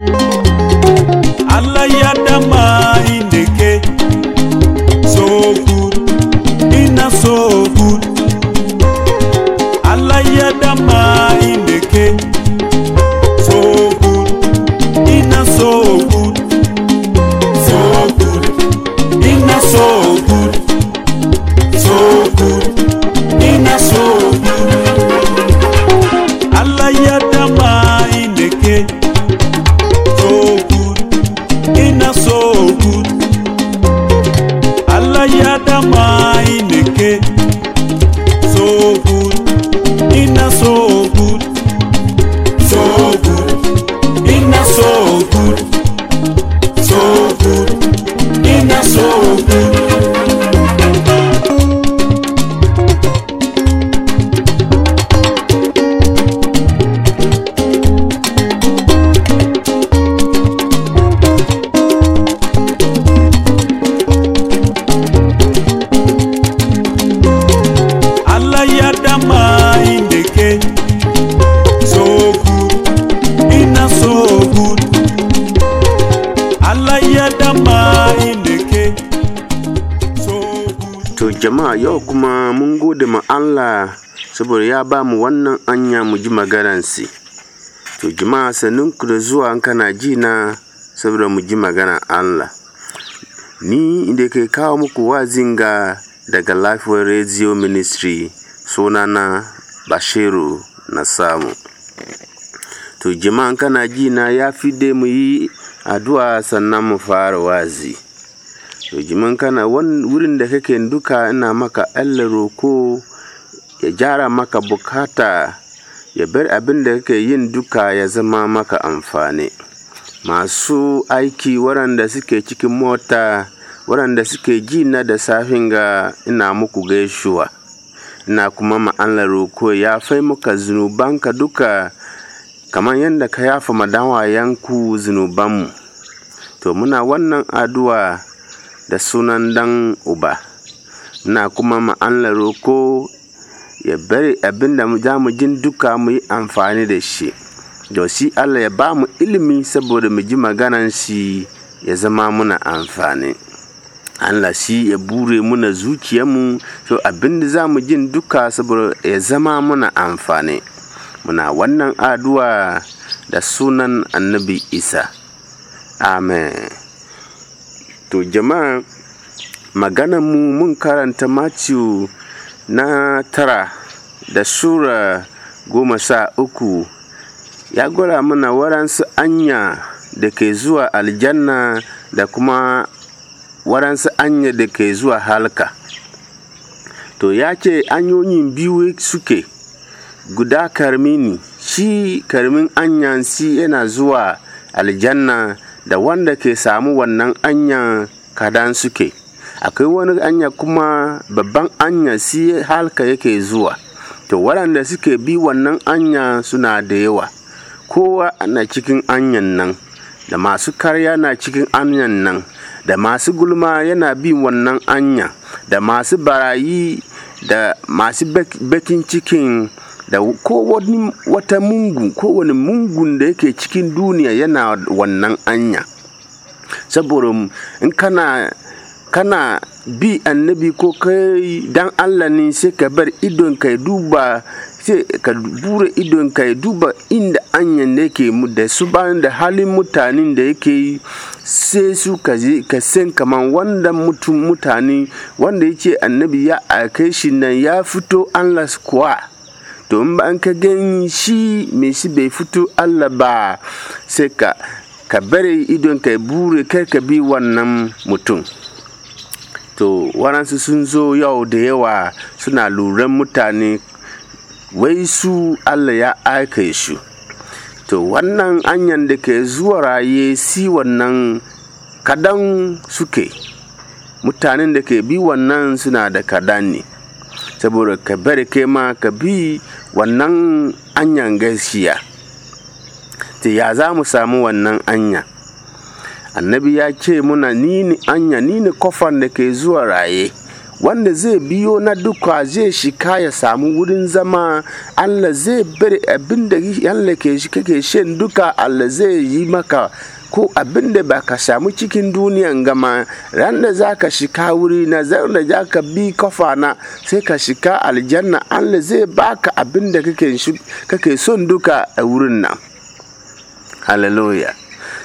you Jama'a yau kuma mun gode ma Allah saboda ya ba mu wannan anya mu ji maganansi. To jama'a ku da zuwa an kana ji na saboda mu ji magana Allah. Ni da ke kawo muku wazin ga daga Lifeway Radio Ministry sunana Bashiru na samu. To jama'an kana ji na ya fi dai mu yi addu'a sannan mu fara wazi. rigiman kana wurin da kake duka ina maka allah roko ya gyara maka bukata ya bar abin da kake yin duka ya zama maka amfani masu aiki waɗanda suke cikin mota waɗanda suke ji na da safin ga ina muku gaishuwa ina kuma ma'anar roko ya fai muka zunubanka duka kamar yadda ka yafa madawayenku zunubanmu to muna wannan addu'a da sunan dan uba na kuma ma'anla roko ya bari abin da za mu jin duka mu yi amfani da shi da shi allah ya ba mu ilimi saboda mu ji maganan shi ya zama muna amfani allah shi ya bure muna zuciyarmu to abin da za mu jin duka saboda ya zama muna amfani muna wannan aduwa da sunan annabi isa amen To jama'a magana mu mun karanta Matthew na tara da Sura goma sa uku ya gwara mana waransu anya da ke zuwa aljanna da kuma waransu anya da ke zuwa halka. To ya ce anyoyin biyu suke guda karmi ne, shi karmin anyan si yana zuwa aljanna da wanda ke samu wannan anyan kadan suke akwai wani anya kuma babban anya si halka yake zuwa to waɗanda suke bi wannan anya suna da yawa kowa na cikin anyan nan da masu karya na cikin anyan nan da masu gulma yana bi wannan anya da masu barayi da masu bakin cikin da kowane wata mungu kowane mungun da yake cikin duniya yana wannan anya saboda in kana kana bi annabi ko kai dan Allah ne sai ka bar idon ka duba sai ka bure idon ka duba inda anyan da yake mu da su bayan da halin mutanen da yake yi sai su ka ka san kaman wanda mutum mutane wanda yake annabi ya ake shi nan ya fito Allah kuwa to in ba an ka gani shi mai shi bai fito Allah ba sai ka ka bare idon ka bure kai ka bi wannan mutum to waransu sun zo yau da yawa suna luran mutane wai su Allah ya aika shi to wannan anyan da ke zuwa raye si wannan kadan suke mutanen da ke bi wannan suna da kadan ne saboda ka bare kai ma ka bi wannan anyan gaskiya ta ya za mu samu wannan anya annabi ya ce muna nini anya nini kofan da ke zuwa raye wanda zai biyo na duka zai shika ya samu wurin zama allah zai bari abin da yalla ke shi kake shan duka allah zai yi maka ko abin da ba ka samu cikin duniyan gama ran da za ka shika wuri na zan da za ka bi kafa na sai ka shika aljanna allah zai baka abin da kake son duka a wurin nan hallelujah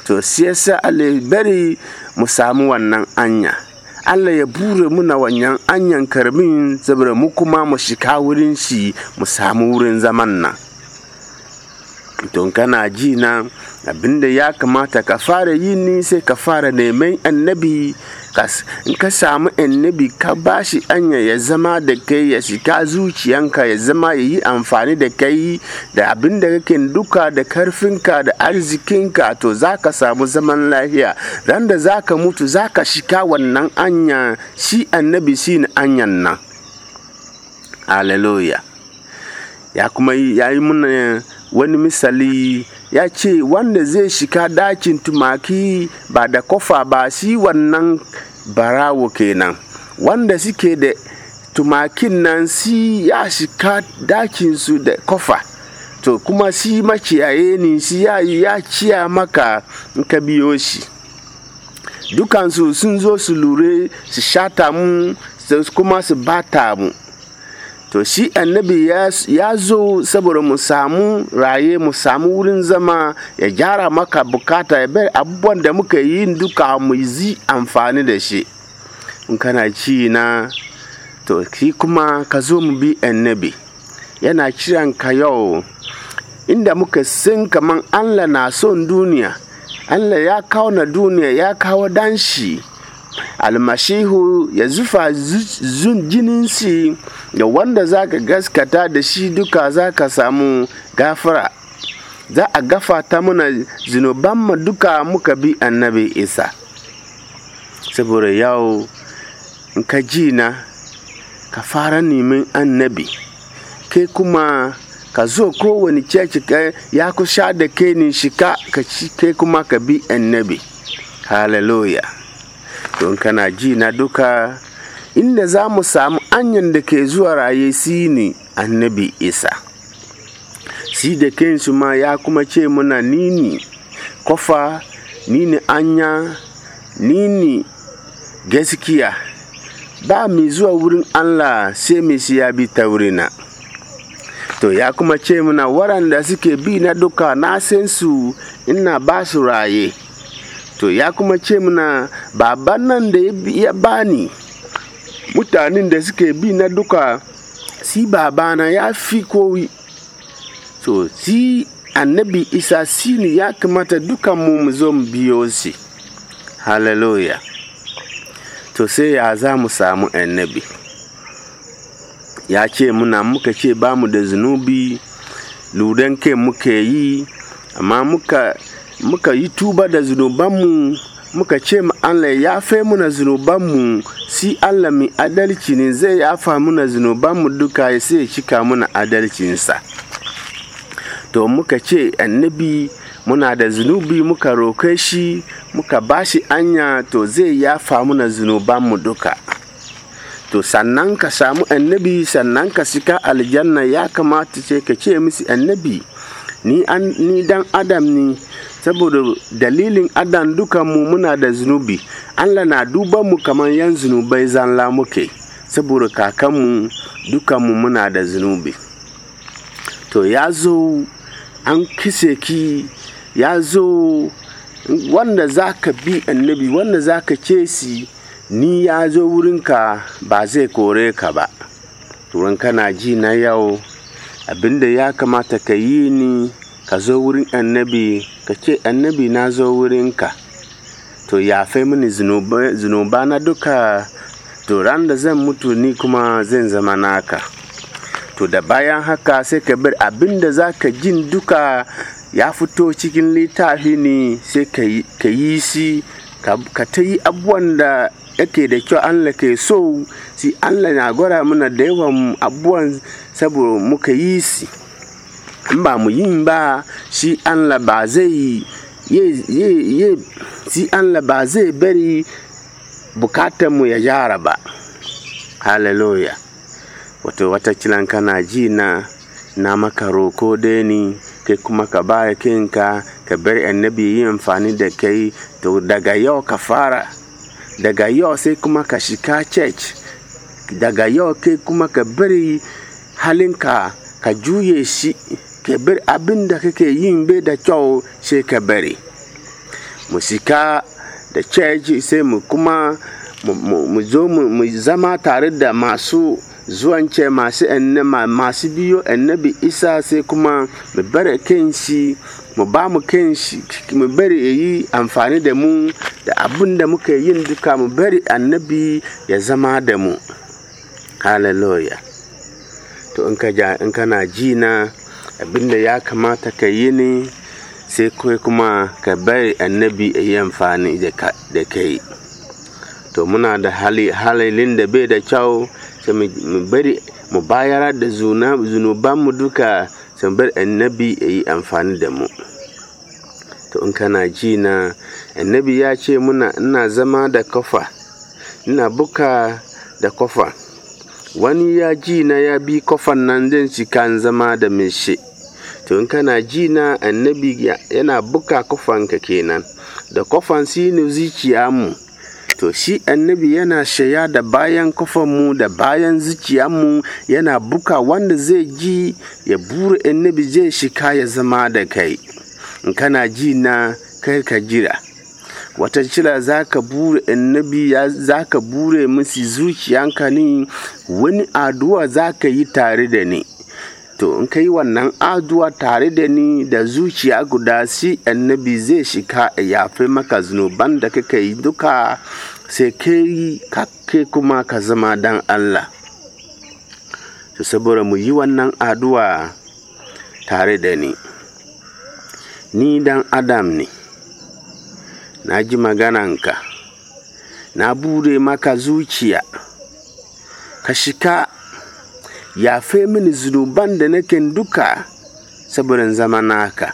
to siyasa yasa allah bari mu samu wannan anya Allah ya bure muna wannan anyan karmin saboda mu kuma mu shika wurin shi mu samu wurin zaman nan. don kana ji na abinda ya kamata ka fara yi ni sai ka fara neman annabi in ka samu annabi ka ba shi anya ya zama da kai ya shiga zuciyanka ya zama ya yi amfani da kai da abin da kake duka da karfinka da arzikinka to za ka samu zaman lafiya ran da za ka mutu za ka shiga wannan anya shi annabi shi ne anyan nan hallelujah ya kuma yi muna eh, wani misali ya ce wanda zai shiga dakin tumaki ba da kofa ba shi wannan barawo kenan wanda suke da tumakin nan si ya shiga su da kofa to kuma si makiyaye ne si ya yi ya ciya maka in biyo shi dukansu sun zo su lure su shata mu kuma su bata mu to shi annabi ya zo saboda mu samu raye mu samu wurin zama ya gyara maka bukata ya bai abubuwan da muka yi duka mu yi amfani da shi in kana ci na to shi kuma ka zo mu bi annabi yana kiran ka yau inda muka sin kaman allah na son duniya allah ya kawo na duniya ya kawo danshi almashihu ya zufa zun jininsi da wanda za ka gaskata da shi duka za ka samu gafara za a gafata mana zinubanmu duka muka bi annabi isa saboda yau in ka ji na ka fara neman annabi ke kuma ka zo kowane ceci ya kusa da ke ni shika ka ke kuma ka bi annabi hallelujah in kana ji na duka inda za mu samu anyan da ke zuwa raye si ne annabi isa si da su ma ya kuma ce muna nini kofa nini anya nini gaskiya ba mai zuwa wurin allah sai mai siya bi ta na to ya kuma ce muna waɗanda suke bi na duka na san su ina ba su raye to ya kuma ce mana baban nan da ya bani mutanen da suke bi na duka si babana ya fi kowi so si annabi isa sini ya kamata dukan mu zo mu biyo shi hallelujah to sai ya za mu samu annabi ya ce muna muka ce ba mu da zunubi ludan kai muka yi amma muka muka yi tuba da zunubanmu muka ce ma Allah ya fe muna zunubanmu si Allah mai adalci ne zai yafa muna zunubanmu duka ya sai cika muna adalcinsa to muka ce annabi muna da zunubi muka roke shi muka bashi anya to zai yafa muna zunubanmu duka to sannan ka samu annabi sannan ka sika aljanna ya kamata ce ka ce misi annabi ni, ni dan adam ne saboda dalilin adan dukanmu muna da zunubi allah na duba mu kamar yan zunubai zanla muke saboda kakanmu dukanmu muna da zunubi to ya zo an kise ki ya zo wanda za ka bi annabi wanda za ka kesi ni ya zo wurinka ba zai kore ka ba turan kana ji na yau abinda ya kamata ka yi ni ka zo wurin annabi ka ce annabi na zo ka to yafe mini zunuba na duka to ran da zan mutu ni kuma zan zama naka to da bayan haka sai ka bar abin da za ka jin duka ya fito cikin littafi ne sai ka yi shi ka ta yi abubuwan da yake da kyau Allah ke so si Allah na gwara mana da yawan abubuwan saboda muka yi shi in ba mu yin ba shi Allah ba zai shi la ba zai bari bukatanmu ya yara ba hallelujah wato kilan kana ji na na maka ko dai kai kuma ka baya kinka ka bar annabi yi amfani da kai to daga yau ka fara daga yau sai kuma ka shika church daga yau kai kuma ka bari halinka ka juye shi ka bari abin da kake yin bai da kyau sai ka bari mu sika da caji sai mu kuma mu zo mu zama tare da masu zuwance masu masu biyo annabi isa sai kuma mu bari kanshi mu ba mu kanshi mu bari yi amfani da mu da abin da muka yin duka mu bari annabi ya zama da mu hallelujah to in kana ji na abinda ya kamata ka yi ne sai kai kuma ka bari annabi yi amfani da kai to muna da halilin da bai da kyau sai mu bari mu bayar da mu duka sai bari annabi yi amfani da mu to in kana ji na annabi ya ce muna ina zama da kofa ina buka da kofa wani ya ji na ya bi kofan nan zai kan zama da mai shi to in kana ji na annabi yana buka kofanka kenan da kofan sinu zuciya mu to shi annabi yana shaya da bayan mu da bayan mu yana buka wanda zai ji ya buru annabi zai shika ya zama da kai in kana ji na kai ka jira wata cila za ka bure annabi za ka bure musu zuciyanka ne wani addu'a za ka yi tare da ni to in kai wannan aduwa tare da ni da zuciya guda si annabi zai shika yafe maka zunuban da kake yi duka sai ke kake kuma ka zama dan Allah Su saboda mu yi wannan aduwa tare da ni ni dan adam ne na ji magananka na bude maka zuciya ka shika yafe mini zunuban da nake duka saboda zama naka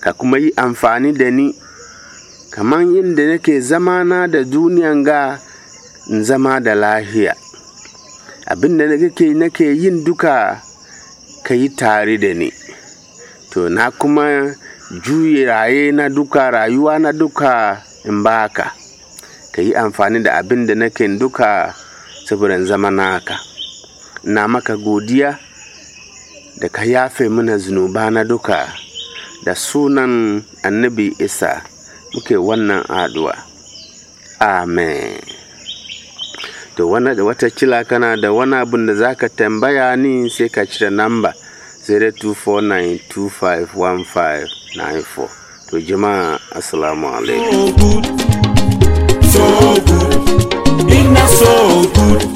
ka kuma yi amfani da ni kamar yadda nake na da duniyan ga in zama da lahiya abin da nake nake yin duka ka yi tare da ni to na kuma juye raye na duka rayuwa na duka in baka ka yi amfani da abin da nake duka saboda zama naka na maka godiya da ka yafe mana zunubana duka da sunan annabi isa muke wannan aduwa amen to wani da wata kila kana da wani abin da za ka tambaya ni sai ka cire namba 0249251594 to jama'a assalamu alaikum so good, so good.